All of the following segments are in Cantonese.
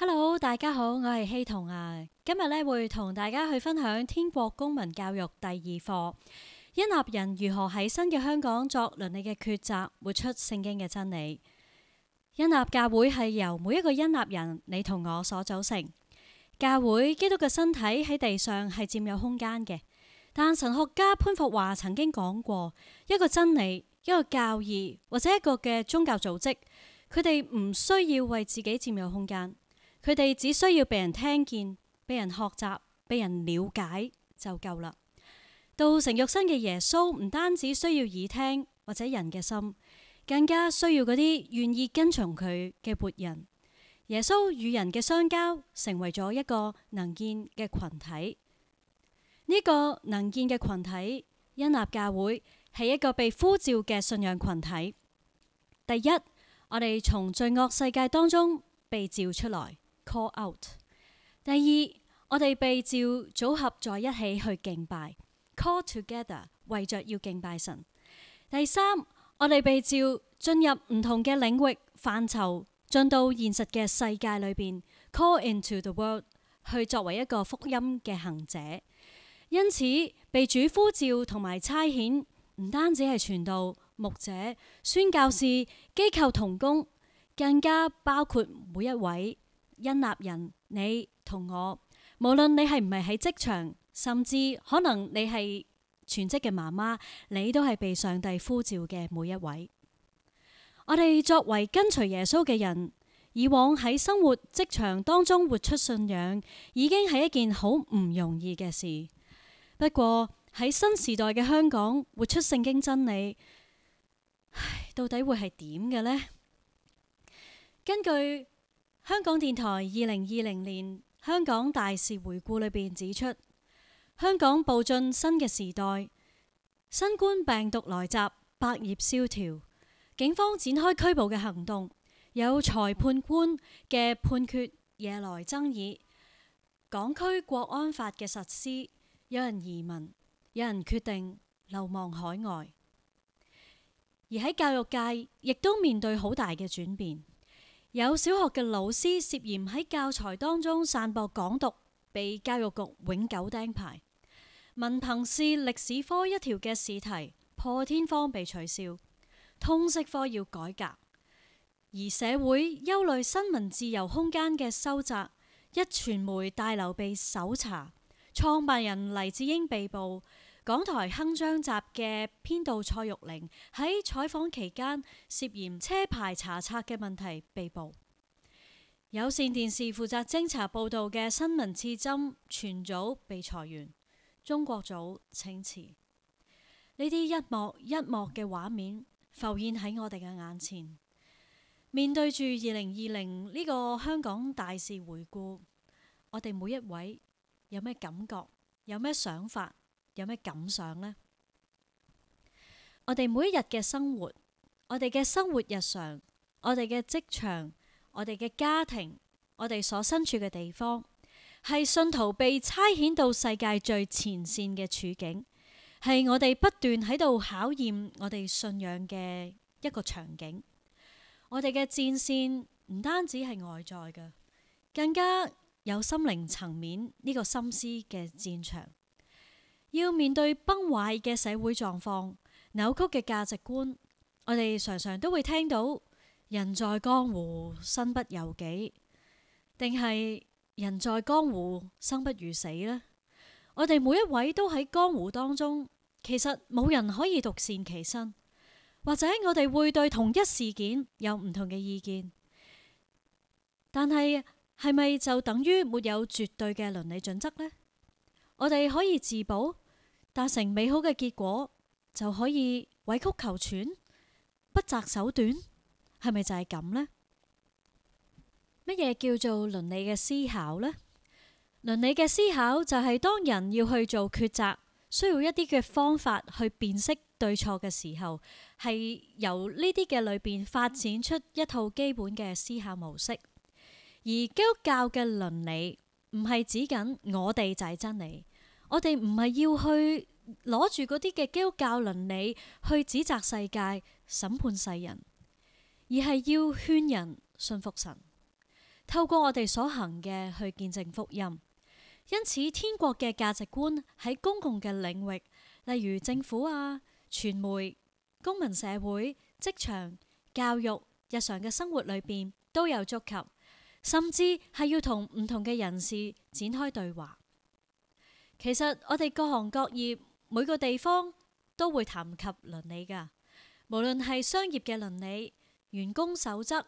Hello，大家好，我係希彤啊，今日咧會同大家去分享天國公民教育第二課，恩納人如何喺新嘅香港作倫理嘅抉擇，活出聖經嘅真理。恩納教會係由每一個恩納人你同我所組成，教會基督嘅身體喺地上係佔有空間嘅，但神學家潘霍華曾經講過，一個真理，一個教義或者一個嘅宗教組織，佢哋唔需要為自己佔有空間。佢哋只需要被人聽見、被人學習、被人了解就夠啦。道成肉身嘅耶穌唔單止需要耳聽或者人嘅心，更加需要嗰啲願意跟從佢嘅活人。耶穌與人嘅相交，成為咗一個能見嘅群體。呢、這個能見嘅群體，因納教會係一個被呼召嘅信仰群體。第一，我哋從罪惡世界當中被召出來，Call out。第二，我哋被召組合在一起去敬拜，call together，為着要敬拜神。第三，我哋被召進入唔同嘅領域範疇，進到現實嘅世界裏邊，call into the world，去作為一個福音嘅行者。因此，被主呼召同埋差遣，唔單止係傳道、牧者、宣教士、機構同工，更加包括每一位。恩納人，你同我，無論你係唔係喺職場，甚至可能你係全職嘅媽媽，你都係被上帝呼召嘅每一位。我哋作為跟隨耶穌嘅人，以往喺生活職場當中活出信仰，已經係一件好唔容易嘅事。不過喺新時代嘅香港，活出聖經真理，唉，到底會係點嘅呢？根據，香港電台二零二零年香港大事回顧裏邊指出，香港步進新嘅時代，新冠病毒來襲，百業蕭條，警方展開拘捕嘅行動，有裁判官嘅判決惹來爭議，港區國安法嘅實施，有人移民，有人決定流亡海外，而喺教育界亦都面對好大嘅轉變。有小學嘅老師涉嫌喺教材當中散播港獨，被教育局永久釘牌。文憑試歷史科一條嘅試題破天荒被取消，通識科要改革。而社會憂慮新聞自由空間嘅收窄，壹傳媒大樓被搜查，創辦人黎智英被捕。港台鏗鏘集嘅編導蔡玉玲喺採訪期間涉嫌車牌查冊嘅問題被捕。有線電視負責偵查報道嘅新聞刺針全組被裁員，中國組請辭。呢啲一幕一幕嘅畫面浮現喺我哋嘅眼前。面對住二零二零呢個香港大事回顧，我哋每一位有咩感覺，有咩想法？有咩感想呢？我哋每一日嘅生活，我哋嘅生活日常，我哋嘅職場，我哋嘅家庭，我哋所身處嘅地方，係信徒被差遣到世界最前線嘅處境，係我哋不斷喺度考驗我哋信仰嘅一個場景。我哋嘅戰線唔單止係外在嘅，更加有心靈層面呢個心思嘅戰場。要面對崩壞嘅社會狀況、扭曲嘅價值觀，我哋常常都會聽到“人在江湖，身不由己”，定係“人在江湖，生不如死”呢？我哋每一位都喺江湖當中，其實冇人可以獨善其身，或者我哋會對同一事件有唔同嘅意見，但係係咪就等於沒有絕對嘅倫理準則呢？我哋可以自保，達成美好嘅結果，就可以委曲求全、不擇手段，係咪就係咁呢？乜嘢叫做倫理嘅思考呢？倫理嘅思考就係當人要去做抉擇，需要一啲嘅方法去辨識對錯嘅時候，係由呢啲嘅裏邊發展出一套基本嘅思考模式。而基督教嘅倫理唔係指緊我哋就係真理。我哋唔係要去攞住嗰啲嘅基督教倫理去指責世界、審判世人，而係要勸人信服神，透過我哋所行嘅去見證福音。因此，天國嘅價值觀喺公共嘅領域，例如政府啊、傳媒、公民社會、職場、教育、日常嘅生活裏邊都有觸及，甚至係要同唔同嘅人士展開對話。其實我哋各行各業每個地方都會談及倫理噶，無論係商業嘅倫理、員工守則、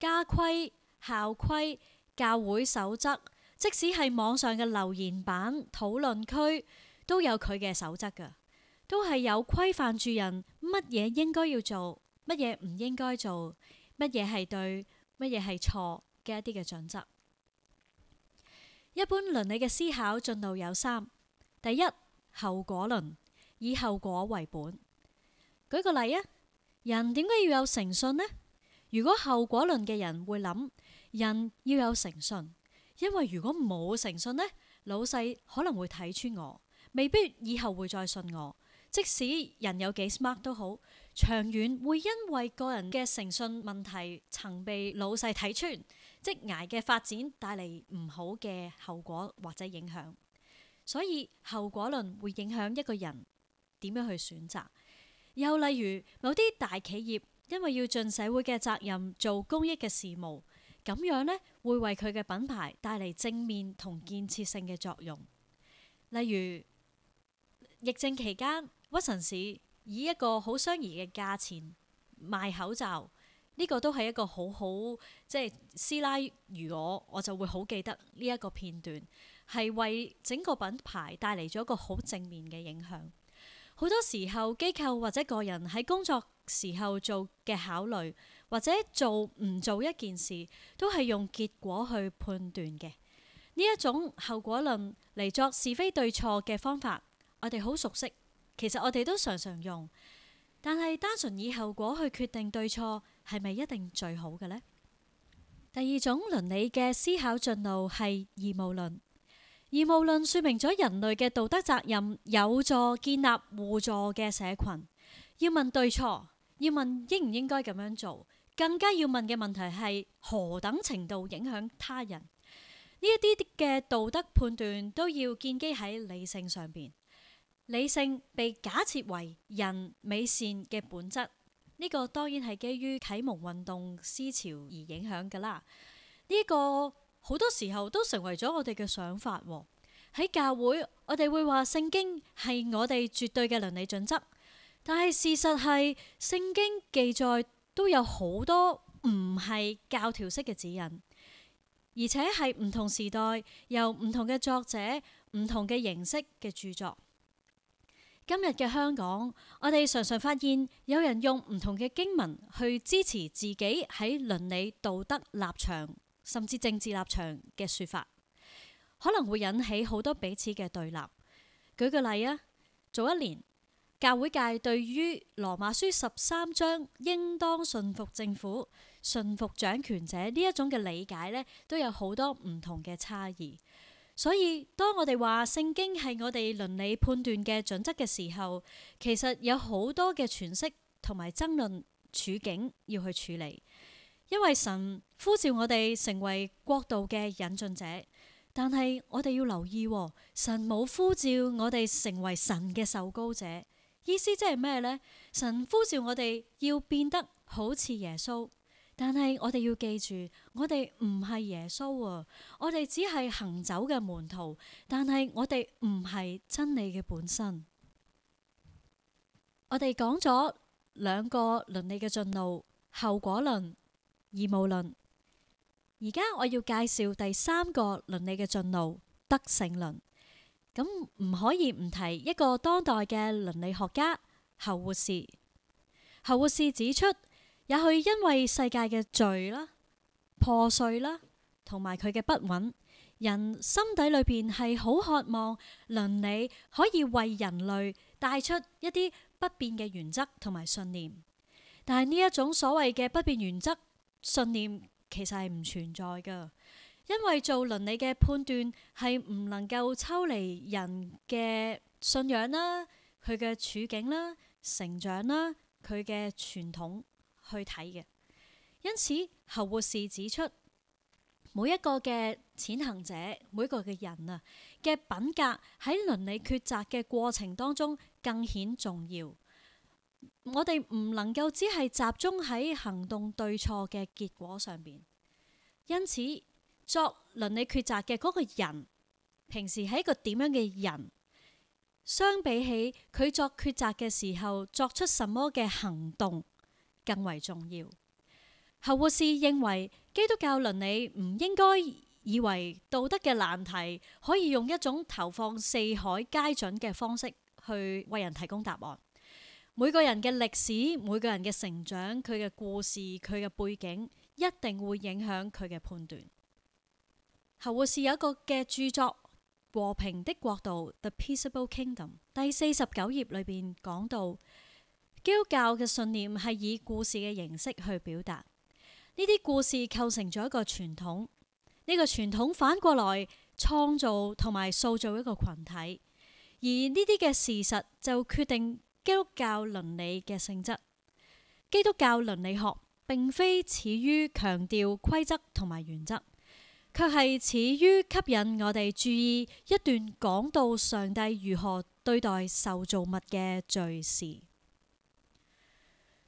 家規、校規、教會守則，即使係網上嘅留言板、討論區，都有佢嘅守則噶，都係有規範住人乜嘢應該要做，乜嘢唔應該做，乜嘢係對，乜嘢係錯嘅一啲嘅準則。一般倫理嘅思考進度有三，第一，後果論，以後果為本。舉個例啊，人點解要有誠信呢？如果後果論嘅人會諗，人要有誠信，因為如果冇誠信呢，老細可能會睇穿我，未必以後會再信我。即使人有幾 smart 都好，長遠會因為個人嘅誠信問題，曾被老細睇穿。致癌嘅發展帶嚟唔好嘅後果或者影響，所以後果論會影響一個人點樣去選擇。又例如某啲大企業，因為要盡社會嘅責任，做公益嘅事務，咁樣呢會為佢嘅品牌帶嚟正面同建設性嘅作用。例如，疫症期間，屈臣氏以一個好相宜嘅價錢賣口罩。呢個都係一個好好即係師奶。如果我，我就會好記得呢一個片段，係為整個品牌帶嚟咗一個好正面嘅影響。好多時候機構或者個人喺工作時候做嘅考慮，或者做唔做一件事，都係用結果去判斷嘅。呢一種後果論嚟作是非對錯嘅方法，我哋好熟悉。其實我哋都常常用，但係單純以後果去決定對錯。係咪一定最好嘅呢？第二種倫理嘅思考進路係義務論。義務論説明咗人類嘅道德責任，有助建立互助嘅社羣。要問對錯，要問應唔應該咁樣做，更加要問嘅問題係何等程度影響他人。呢一啲嘅道德判斷都要建基喺理性上邊。理性被假設為人美善嘅本質。呢個當然係基於啟蒙運動思潮而影響㗎啦。呢個好多時候都成為咗我哋嘅想法喎。喺教會，我哋會話聖經係我哋絕對嘅倫理準則，但係事實係聖經記載都有好多唔係教條式嘅指引，而且係唔同時代由唔同嘅作者、唔同嘅形式嘅著作。今日嘅香港，我哋常常發現有人用唔同嘅經文去支持自己喺倫理道德立場，甚至政治立場嘅說法，可能會引起好多彼此嘅對立。舉個例啊，早一年教會界對於羅馬書十三章應當順服政府、順服掌權者呢一種嘅理解呢，都有好多唔同嘅差異。所以，當我哋話聖經係我哋倫理判斷嘅準則嘅時候，其實有好多嘅詮釋同埋爭論處境要去處理。因為神呼召我哋成為國度嘅引進者，但係我哋要留意、哦，神冇呼召我哋成為神嘅受膏者。意思即係咩呢？神呼召我哋要變得好似耶穌。但係我哋要記住，我哋唔係耶穌啊，我哋只係行走嘅門徒。但係我哋唔係真理嘅本身。我哋講咗兩個倫理嘅進路：後果論、義務論。而家我要介紹第三個倫理嘅進路——德性論。咁唔可以唔提一個當代嘅倫理學家侯活士。侯活士指出。也許因為世界嘅罪啦、破碎啦，同埋佢嘅不穩，人心底裏邊係好渴望倫理可以為人類帶出一啲不變嘅原則同埋信念。但係呢一種所謂嘅不變原則、信念，其實係唔存在㗎，因為做倫理嘅判斷係唔能夠抽離人嘅信仰啦、佢嘅處境啦、成長啦、佢嘅傳統。去睇嘅，因此侯活士指出，每一個嘅潛行者，每一個嘅人啊嘅品格喺倫理抉擇嘅過程當中更顯重要。我哋唔能夠只係集中喺行動對錯嘅結果上邊，因此作倫理抉擇嘅嗰個人平時係一個點樣嘅人，相比起佢作抉擇嘅時候作出什麼嘅行動。更為重要，侯活士認為基督教倫理唔應該以為道德嘅難題可以用一種投放四海皆準嘅方式去為人提供答案。每個人嘅歷史、每個人嘅成長、佢嘅故事、佢嘅背景，一定會影響佢嘅判斷。侯活士有一個嘅著作《和平的國度》（The Peaceable Kingdom） 第四十九頁裏面講到。基督教嘅信念係以故事嘅形式去表達。呢啲故事構成咗一個傳統，呢、這個傳統反過來創造同埋塑造一個群體，而呢啲嘅事實就決定基督教倫理嘅性質。基督教倫理學並非始於強調規則同埋原則，卻係始於吸引我哋注意一段講到上帝如何對待受造物嘅敘事。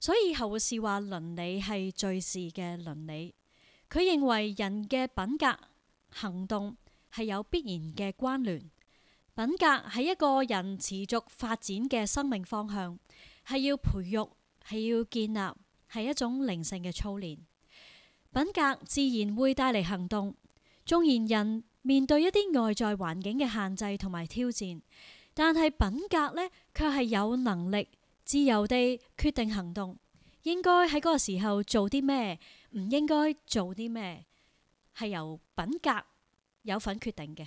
所以後世話倫理係敘事嘅倫理，佢認為人嘅品格行動係有必然嘅關聯。品格係一個人持續發展嘅生命方向，係要培育，係要建立，係一種靈性嘅操練。品格自然會帶嚟行動。縱然人面對一啲外在環境嘅限制同埋挑戰，但係品格呢，卻係有能力，自由地決定行動，應該喺嗰個時候做啲咩，唔應該做啲咩，係由品格有份決定嘅，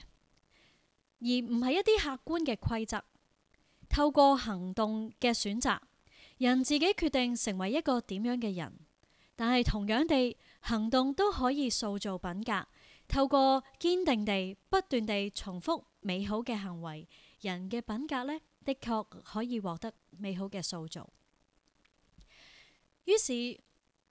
而唔係一啲客觀嘅規則。透過行動嘅選擇，人自己決定成為一個點樣嘅人。但係同樣地，行動都可以塑造品格。透過堅定地、不斷地重複美好嘅行為，人嘅品格呢。的確可以獲得美好嘅塑造。於是，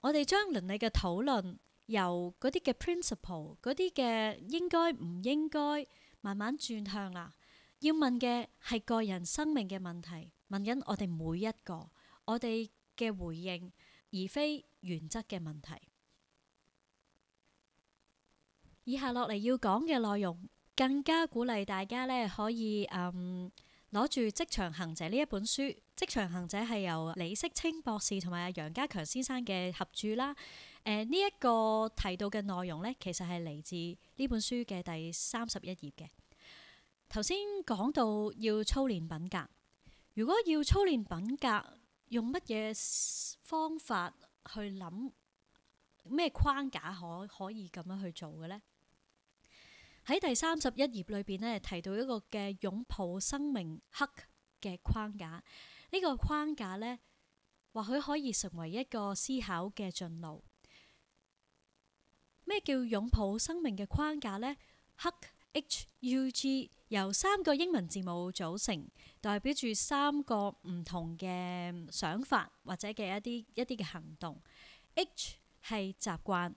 我哋將倫理嘅討論由嗰啲嘅 principle、嗰啲嘅應該唔應該，慢慢轉向啦。要問嘅係個人生命嘅問題，問緊我哋每一個我哋嘅回應，而非原則嘅問題。以下落嚟要講嘅內容，更加鼓勵大家呢可以嗯。攞住《職場行者》呢一本書，《職場行者》係由李式清博士同埋啊楊家強先生嘅合著啦。誒呢一個提到嘅內容呢，其實係嚟自呢本書嘅第三十一頁嘅。頭先講到要操練品格，如果要操練品格，用乜嘢方法去諗咩框架可以可以咁樣去做嘅呢？喺第三十一頁裏邊呢提到一個嘅擁抱生命黑嘅框架。呢個框架呢，或許可以成為一個思考嘅進路。咩叫擁抱生命嘅框架呢？黑 hug, H U G 由三個英文字母組成，代表住三個唔同嘅想法或者嘅一啲一啲嘅行動。H 係習慣。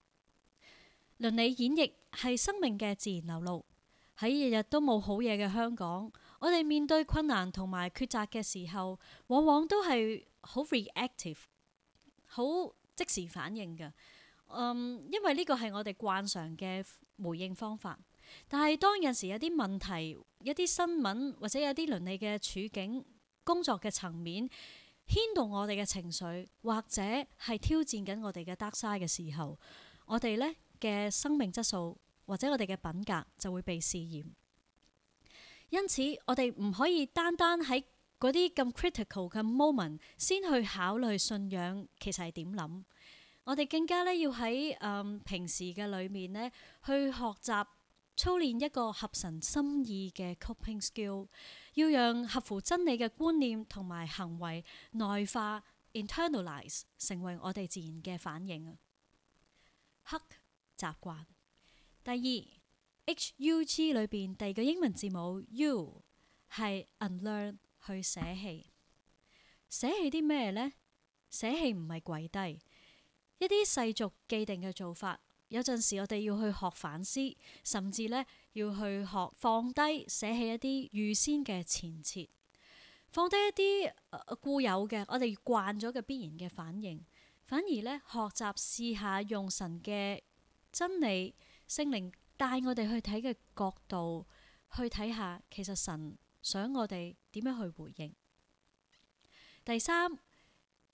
倫理演繹係生命嘅自然流露。喺日日都冇好嘢嘅香港，我哋面對困難同埋抉擇嘅時候，往往都係好 reactive，好即時反應㗎。嗯，因為呢個係我哋慣常嘅回應方法。但係當有時有啲問題，一啲新聞或者有啲倫理嘅處境，工作嘅層面牽動我哋嘅情緒，或者係挑戰緊我哋嘅得失嘅時候，我哋呢嘅生命質素或者我哋嘅品格就會被試驗，因此我哋唔可以單單喺嗰啲咁 critical 嘅 moment 先去考慮信仰其實係點諗。我哋更加呢要喺、嗯、平時嘅裏面呢去學習操練一個合神心意嘅 coping skill，要讓合乎真理嘅觀念同埋行為內化 (internalize) 成為我哋自然嘅反應啊。習慣第二 h u g 裏邊第二個英文字母 u 係 unlearn 去捨棄，捨棄啲咩呢？捨棄唔係跪低一啲世俗既定嘅做法。有陣時我哋要去學反思，甚至呢，要去學放低捨棄一啲預先嘅前設，放低一啲、呃、固有嘅我哋慣咗嘅必然嘅反應，反而呢，學習試下用神嘅。真理聖靈帶我哋去睇嘅角度，去睇下其實神想我哋點樣去回應。第三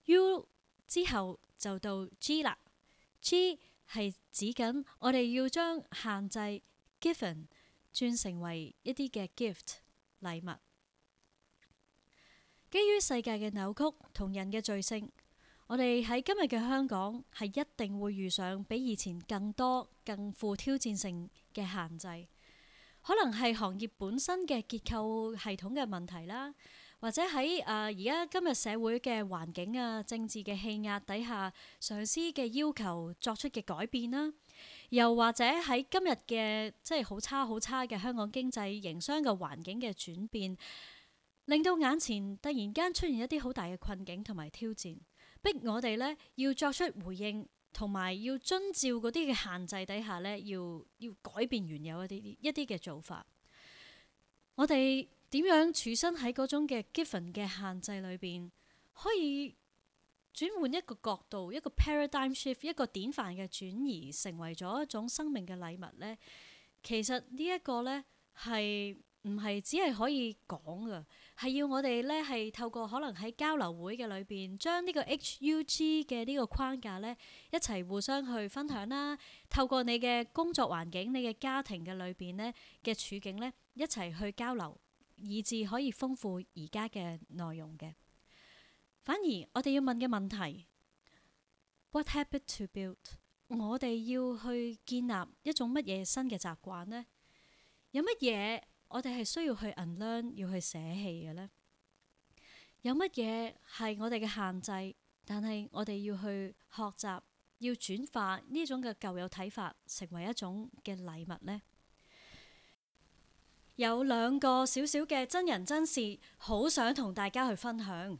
U 之後就到 G 啦，G 係指緊我哋要將限制 given 轉成為一啲嘅 gift 禮物。基於世界嘅扭曲同人嘅罪性。我哋喺今日嘅香港係一定會遇上比以前更多、更富挑戰性嘅限制，可能係行業本身嘅結構系統嘅問題啦，或者喺啊而家今日社會嘅環境啊、政治嘅氣壓底下，上司嘅要求作出嘅改變啦，又或者喺今日嘅即係好差好差嘅香港經濟營商嘅環境嘅轉變，令到眼前突然間出現一啲好大嘅困境同埋挑戰。逼我哋咧要作出回應，同埋要遵照嗰啲嘅限制底下咧，要要改變原有一啲一啲嘅做法。我哋點樣處身喺嗰種嘅 given 嘅限制裏邊，可以轉換一個角度，一個 paradigm shift，一個典範嘅轉移，成為咗一種生命嘅禮物咧。其實呢一個咧係。唔係只係可以講噶係要我哋咧係透過可能喺交流會嘅裏邊，將呢個 HUG 嘅呢個框架咧一齊互相去分享啦。透過你嘅工作環境、你嘅家庭嘅裏邊咧嘅處境咧一齊去交流，以至可以豐富而家嘅內容嘅。反而我哋要問嘅問題：What habit to build？我哋要去建立一種乜嘢新嘅習慣咧？有乜嘢？我哋係需要去 unlearn，要去捨棄嘅呢。有乜嘢係我哋嘅限制？但係我哋要去學習，要轉化呢種嘅舊有睇法，成為一種嘅禮物呢。有兩個小小嘅真人真事，好想同大家去分享。二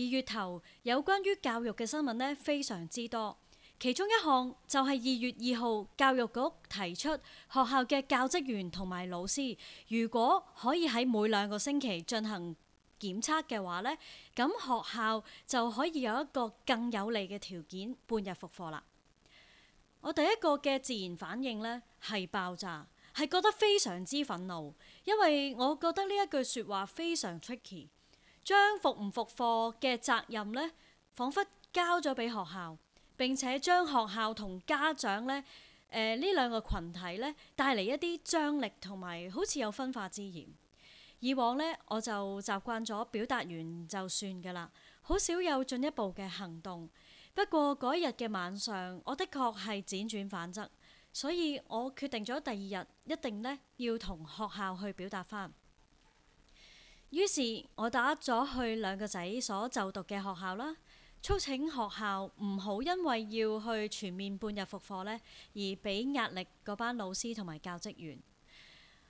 月頭有關於教育嘅新聞呢，非常之多。其中一項就係二月二號，教育局提出學校嘅教職員同埋老師，如果可以喺每兩個星期進行檢測嘅話呢，咁學校就可以有一個更有利嘅條件，半日復課啦。我第一個嘅自然反應呢係爆炸，係覺得非常之憤怒，因為我覺得呢一句説話非常出奇，將復唔復課嘅責任呢，彷彿交咗俾學校。並且將學校同家長呢，誒、呃、呢兩個群體呢帶嚟一啲張力同埋，好似有分化之嫌。以往呢，我就習慣咗表達完就算㗎啦，好少有進一步嘅行動。不過嗰一日嘅晚上，我的確係輾轉反側，所以我決定咗第二日一定呢要同學校去表達返。於是，我打咗去兩個仔所就讀嘅學校啦。促請學校唔好因為要去全面半日復課呢而俾壓力嗰班老師同埋教職員。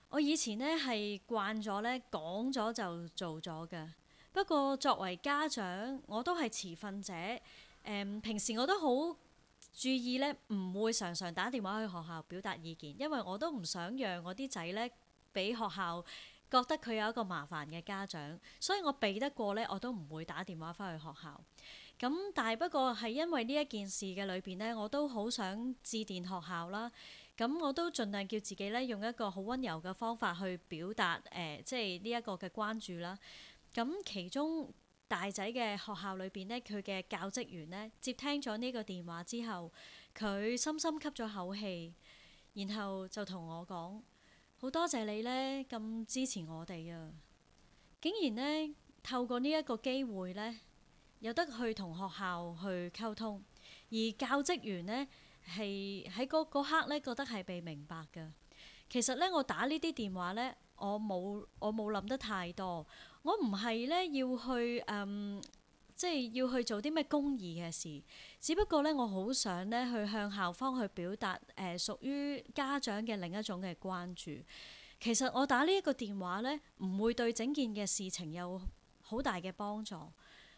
我以前呢係慣咗呢講咗就做咗㗎。不過作為家長，我都係持份者，嗯。平時我都好注意呢唔會常常打電話去學校表達意見，因為我都唔想讓我啲仔呢俾學校覺得佢有一個麻煩嘅家長，所以我避得過呢，我都唔會打電話翻去學校。咁，但係不過係因為呢一件事嘅裏邊呢，我都好想致電學校啦。咁我都盡量叫自己咧用一個好溫柔嘅方法去表達誒、呃，即係呢一個嘅關注啦。咁其中大仔嘅學校裏邊呢，佢嘅教職員呢，接聽咗呢個電話之後，佢深深吸咗口氣，然後就同我講：好多謝你呢，咁支持我哋啊！竟然呢，透過呢一個機會呢。有得去同學校去溝通，而教職員呢，係喺嗰嗰刻呢覺得係被明白嘅。其實呢，我打呢啲電話呢，我冇我冇諗得太多，我唔係呢要去、嗯、即係要去做啲咩公義嘅事。只不過呢，我好想呢去向校方去表達誒、呃、屬於家長嘅另一種嘅關注。其實我打呢一個電話呢，唔會對整件嘅事情有好大嘅幫助。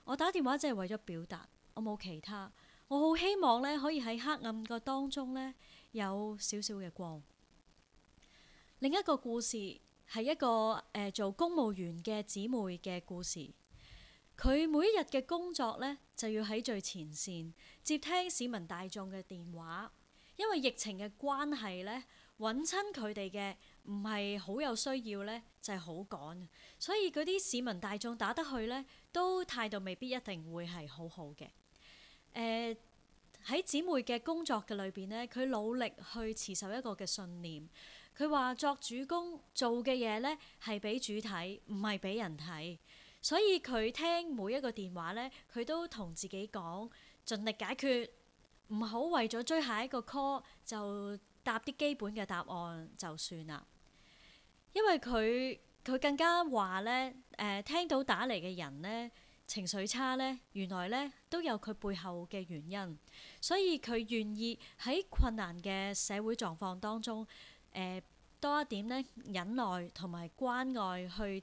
我打電話只係為咗表達，我冇其他。我好希望咧，可以喺黑暗嘅當中咧有少少嘅光。另一個故事係一個誒、呃、做公務員嘅姊妹嘅故事，佢每一日嘅工作咧就要喺最前綫接聽市民大眾嘅電話，因為疫情嘅關係咧搵親佢哋嘅。唔係好有需要呢，就係好趕，所以嗰啲市民大眾打得去呢，都態度未必一定會係好好嘅。誒，喺姊妹嘅工作嘅裏邊呢，佢努力去持守一個嘅信念。佢話作主工做嘅嘢呢，係俾主睇，唔係俾人睇。所以佢聽每一個電話呢，佢都同自己講盡力解決，唔好為咗追下一個 call 就，答啲基本嘅答案就算啦，因為佢佢更加話咧，誒、呃、聽到打嚟嘅人咧情緒差咧，原來咧都有佢背後嘅原因，所以佢願意喺困難嘅社會狀況當中，誒、呃、多一點咧忍耐同埋關愛去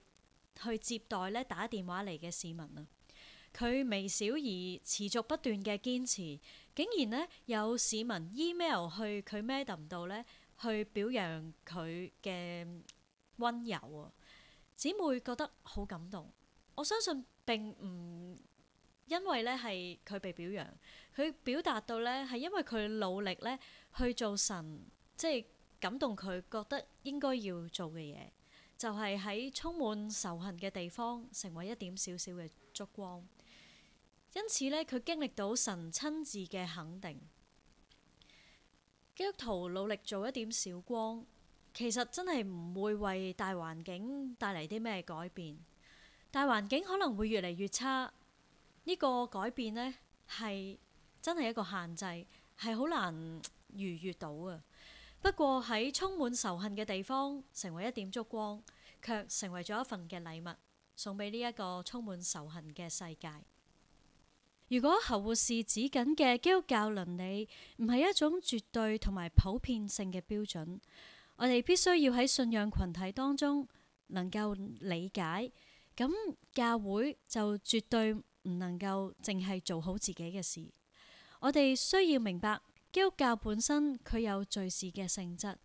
去接待咧打電話嚟嘅市民啊！佢微小而持續不斷嘅堅持。竟然咧有市民 email 去佢 madam 度咧，去表揚佢嘅温柔啊，姊妹覺得好感動。我相信並唔因為咧係佢被表揚，佢表達到咧係因為佢努力咧去做神，即係感動佢覺得應該要做嘅嘢，就係喺充滿仇恨嘅地方成為一點小小嘅燭光。因此咧，佢經歷到神親自嘅肯定。基督徒努力做一點小光，其實真係唔會為大環境帶嚟啲咩改變。大環境可能會越嚟越差，呢個改變呢，係真係一個限制，係好難逾越到啊。不過喺充滿仇恨嘅地方成為一點燭光，卻成為咗一份嘅禮物，送俾呢一個充滿仇恨嘅世界。如果侯護士指緊嘅基督教倫理唔係一種絕對同埋普遍性嘅標準，我哋必須要喺信仰群體當中能夠理解，咁教會就絕對唔能夠淨係做好自己嘅事。我哋需要明白基督教本身佢有敘事嘅性質。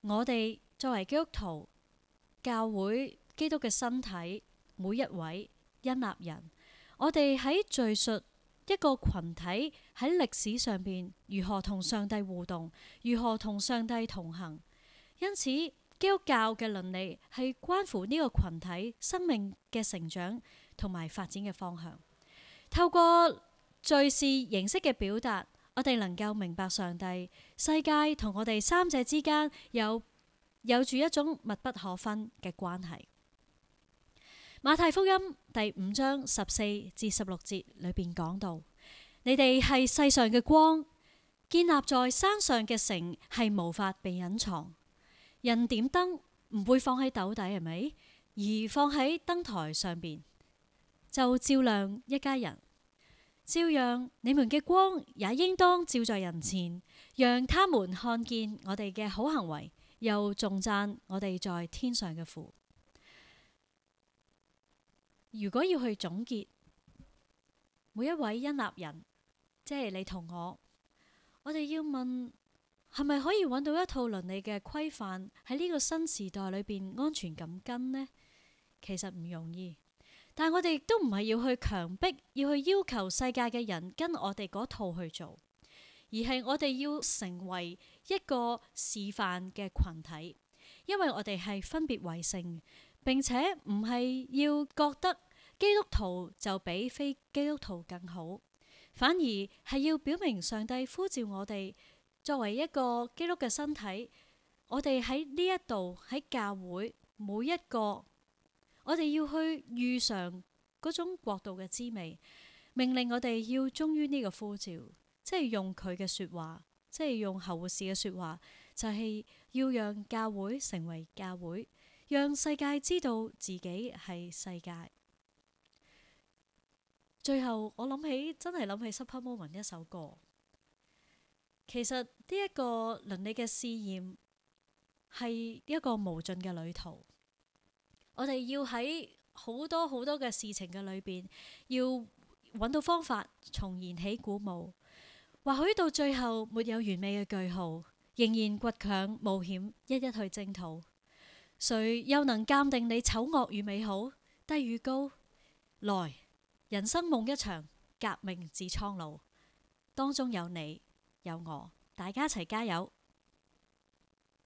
我哋作為基督徒教會基督嘅身體，每一位因納人，我哋喺敘述。一個群體喺歷史上邊如何同上帝互動，如何同上帝同行？因此，基督教嘅倫理係關乎呢個群體生命嘅成長同埋發展嘅方向。透過敘事形式嘅表達，我哋能夠明白上帝、世界同我哋三者之間有有住一種密不可分嘅關係。馬太福音第五章十四至十六節裏邊講到：你哋係世上嘅光，建立在山上嘅城係無法被隱藏。人點燈唔會放喺斗底係咪？而放喺燈台上邊，就照亮一家人。照樣你們嘅光也應當照在人前，讓他們看見我哋嘅好行為，又重讚我哋在天上嘅父。如果要去總結每一位恩納人，即係你同我，我哋要問係咪可以揾到一套倫理嘅規範喺呢個新時代裏邊安全咁跟呢？其實唔容易，但我哋亦都唔係要去強迫，要去要求世界嘅人跟我哋嗰套去做，而係我哋要成為一個示範嘅群體，因為我哋係分別為聖。並且唔係要覺得基督徒就比非基督徒更好，反而係要表明上帝呼召我哋作為一個基督嘅身體，我哋喺呢一度喺教會每一個，我哋要去預嘗嗰種國度嘅滋味，命令我哋要忠於呢個呼召，即係用佢嘅說話，即係用侯活士嘅說話，就係、是、要讓教會成為教會。讓世界知道自己係世界。最後，我諗起真係諗起 Supper Moment 一首歌。其實呢一個倫理嘅試驗係一個無盡嘅旅途。我哋要喺好多好多嘅事情嘅裏邊，要揾到方法重燃起鼓舞。或許到最後沒有完美嘅句號，仍然倔強冒險，一一去征討。誰又能鑒定你醜惡與美好、低與高？來，人生夢一場，革命至蒼老，當中有你有我，大家一齊加油！